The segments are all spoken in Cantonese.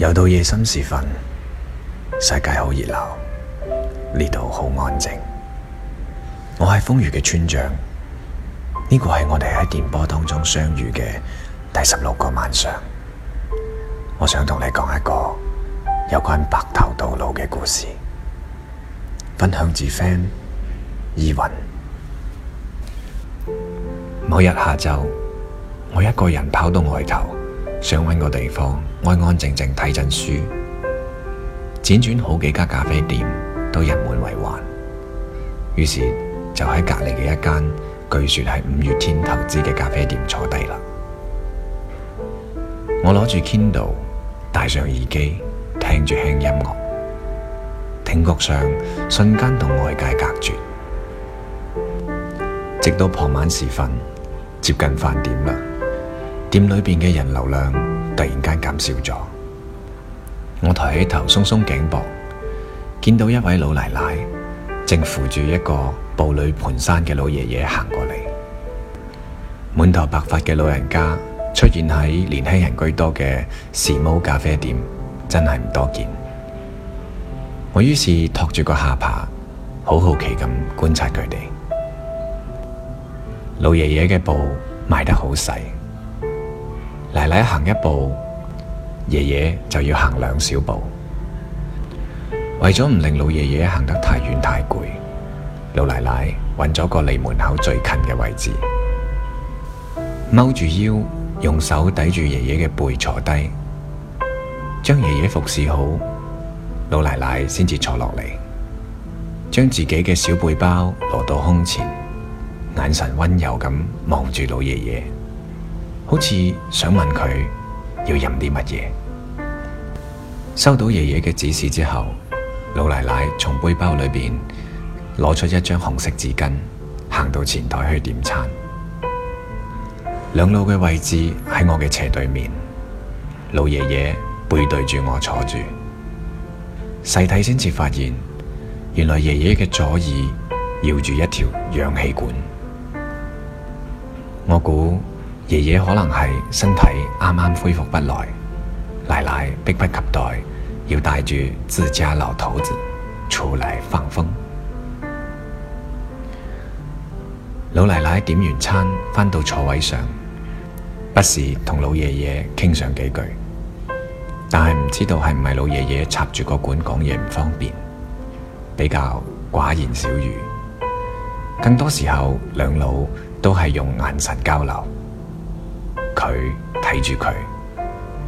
又到夜深時分，世界好熱鬧，呢度好安靜。我係瘋粵嘅村長，呢個係我哋喺電波當中相遇嘅第十六個晚上。我想同你講一個有關白頭到老嘅故事。分享自 FAN 依韻。某日下晝，我一個人跑到外頭。想搵個地方安安靜靜睇陣書，輾轉好幾家咖啡店都人滿為患，於是就喺隔籬嘅一間，據說係五月天投資嘅咖啡店坐低啦。我攞住 Kindle，戴上耳機，聽住輕音樂，聽覺上瞬間同外界隔絕，直到傍晚時分，接近飯點啦。店裡邊嘅人流量突然間減少咗，我抬起頭鬆鬆頸脖，見到一位老奶奶正扶住一個步履蹣跚嘅老爺爺行過嚟。滿頭白髮嘅老人家出現喺年輕人居多嘅時髦咖啡店，真係唔多見。我於是托住個下巴，好好奇咁觀察佢哋。老爺爺嘅步邁得好細。奶奶行一步，爺爺就要行兩小步。為咗唔令老爺爺行得太遠太攰，老奶奶揾咗個離門口最近嘅位置，踎住腰，用手抵住爺爺嘅背坐低，將爺爺服侍好，老奶奶先至坐落嚟，將自己嘅小背包攞到胸前，眼神溫柔咁望住老爺爺。好似想問佢要飲啲乜嘢？收到爺爺嘅指示之後，老奶奶從背包裏邊攞出一張紅色紙幣，行到前台去點餐。兩老嘅位置喺我嘅斜對面，老爺爺背對住我坐住。細睇先至發現，原來爺爺嘅左耳繞住一條氧氣管。我估。爺爺可能係身體啱啱恢復不來，奶奶迫不及待要帶住自家老頭子出嚟放風。老奶奶點完餐，返到座位上，不時同老爺爺傾上幾句，但係唔知道係唔係老爺爺插住個管講嘢唔方便，比較寡言少語。更多時候，兩老都係用眼神交流。佢睇住佢，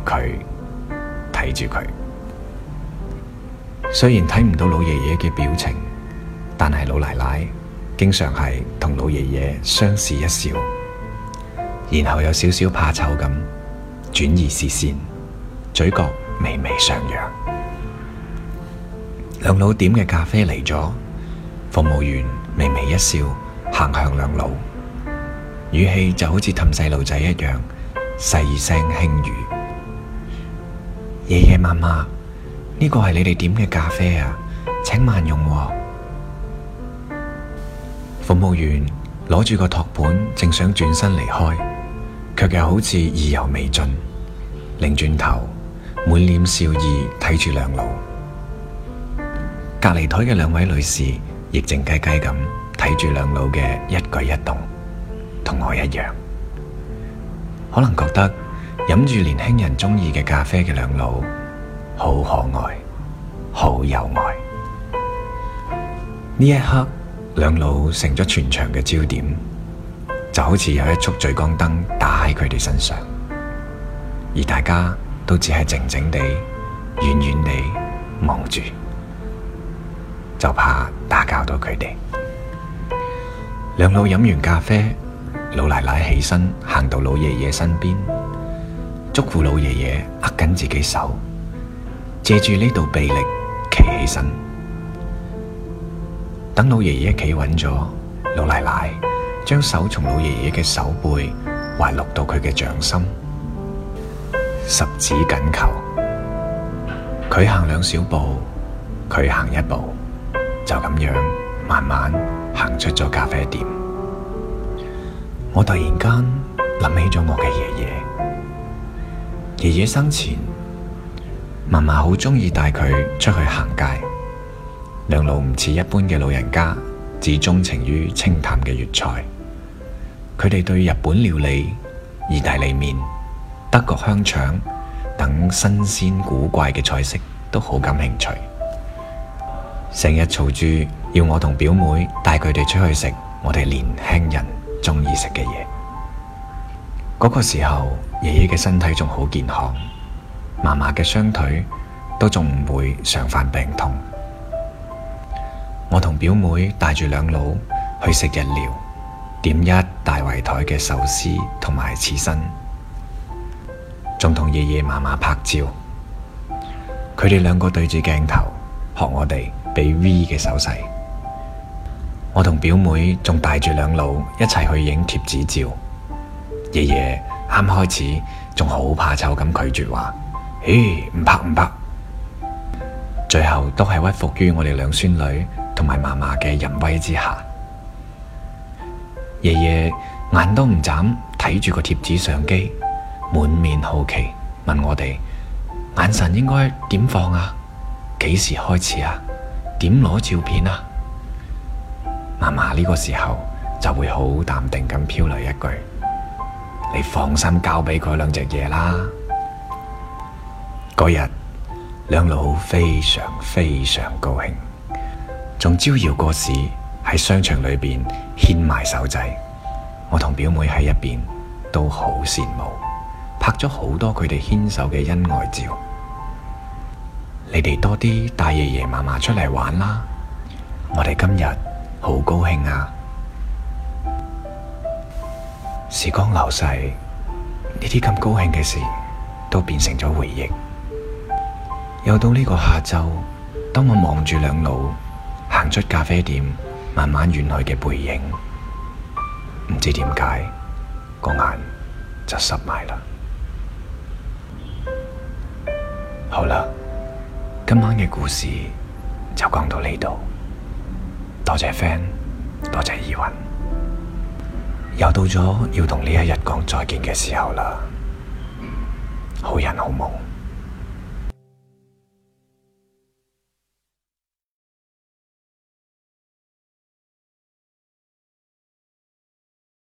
佢睇住佢。雖然睇唔到老爺爺嘅表情，但係老奶奶經常係同老爺爺相視一笑，然後有少少怕醜咁轉移視線，嘴角微微上揚。兩老點嘅咖啡嚟咗，服務員微微一笑，行向兩老，語氣就好似氹細路仔一樣。細聲輕語，爺爺嫲嫲，呢個係你哋點嘅咖啡啊，請慢用哦。服務員攞住個托盤，正想轉身離開，卻又好似意猶未盡，擰轉頭，滿臉笑意睇住兩老。隔籬台嘅兩位女士亦靜雞雞咁睇住兩老嘅一舉一動，同我一樣。可能覺得飲住年輕人中意嘅咖啡嘅兩老好可愛，好有愛。呢一刻，兩老成咗全場嘅焦點，就好似有一束聚光燈打喺佢哋身上，而大家都只係靜靜地、遠遠地望住，就怕打攪到佢哋。兩老飲完咖啡。老奶奶起身，行到老爺爺身邊，囑咐老爺爺握緊自己手，借住呢度臂力企起身。等老爺爺企穩咗，老奶奶將手從老爺爺嘅手背滑落到佢嘅掌心，十指緊扣。佢行兩小步，佢行一步，就咁樣慢慢行出咗咖啡店。我突然間諗起咗我嘅爺爺，爺爺生前嫲嫲好鍾意帶佢出去行街，兩老唔似一般嘅老人家，只鍾情於清淡嘅粵菜。佢哋對日本料理、意大利麵、德國香腸等新鮮古怪嘅菜式都好感興趣，成日嘈住要我同表妹帶佢哋出去食。我哋年輕人，中意食嘅嘢，嗰個時候，爺爺嘅身體仲好健康，嫲嫲嘅雙腿都仲唔會常犯病痛。我同表妹帶住兩老去食日料，點一大圍台嘅壽司同埋刺身，仲同爺爺嫲嫲拍照，佢哋兩個對住鏡頭學我哋比 V 嘅手勢。我同表妹仲帶住兩老一齊去影貼紙照，爺爺啱開始仲好怕醜咁拒絕話，咦，唔拍唔拍，最後都係屈服於我哋兩孫女同埋嫲嫲嘅淫威之下。爺爺眼都唔眨睇住個貼紙相機，滿面好奇問我哋，眼神應該點放啊？幾時開始啊？點攞照片啊？嫲嫲呢個時候就會好淡定咁飄來一句：你放心交俾佢兩隻嘢啦。嗰日兩老非常非常高興，仲招搖過市喺商場裏邊牽埋手仔。我同表妹喺一邊都好羨慕，拍咗好多佢哋牽手嘅恩愛照。你哋多啲帶爺爺嫲嫲出嚟玩啦。我哋今日。好高興啊！時光流逝，呢啲咁高興嘅事都變成咗回憶。又到呢個下晝，當我望住兩老行出咖啡店，慢慢遠去嘅背影，唔知點解個眼就濕埋啦。好啦，今晚嘅故事就講到呢度。多謝 FAN，多謝依韻，又到咗要同呢一日講再見嘅時候啦，好人好夢。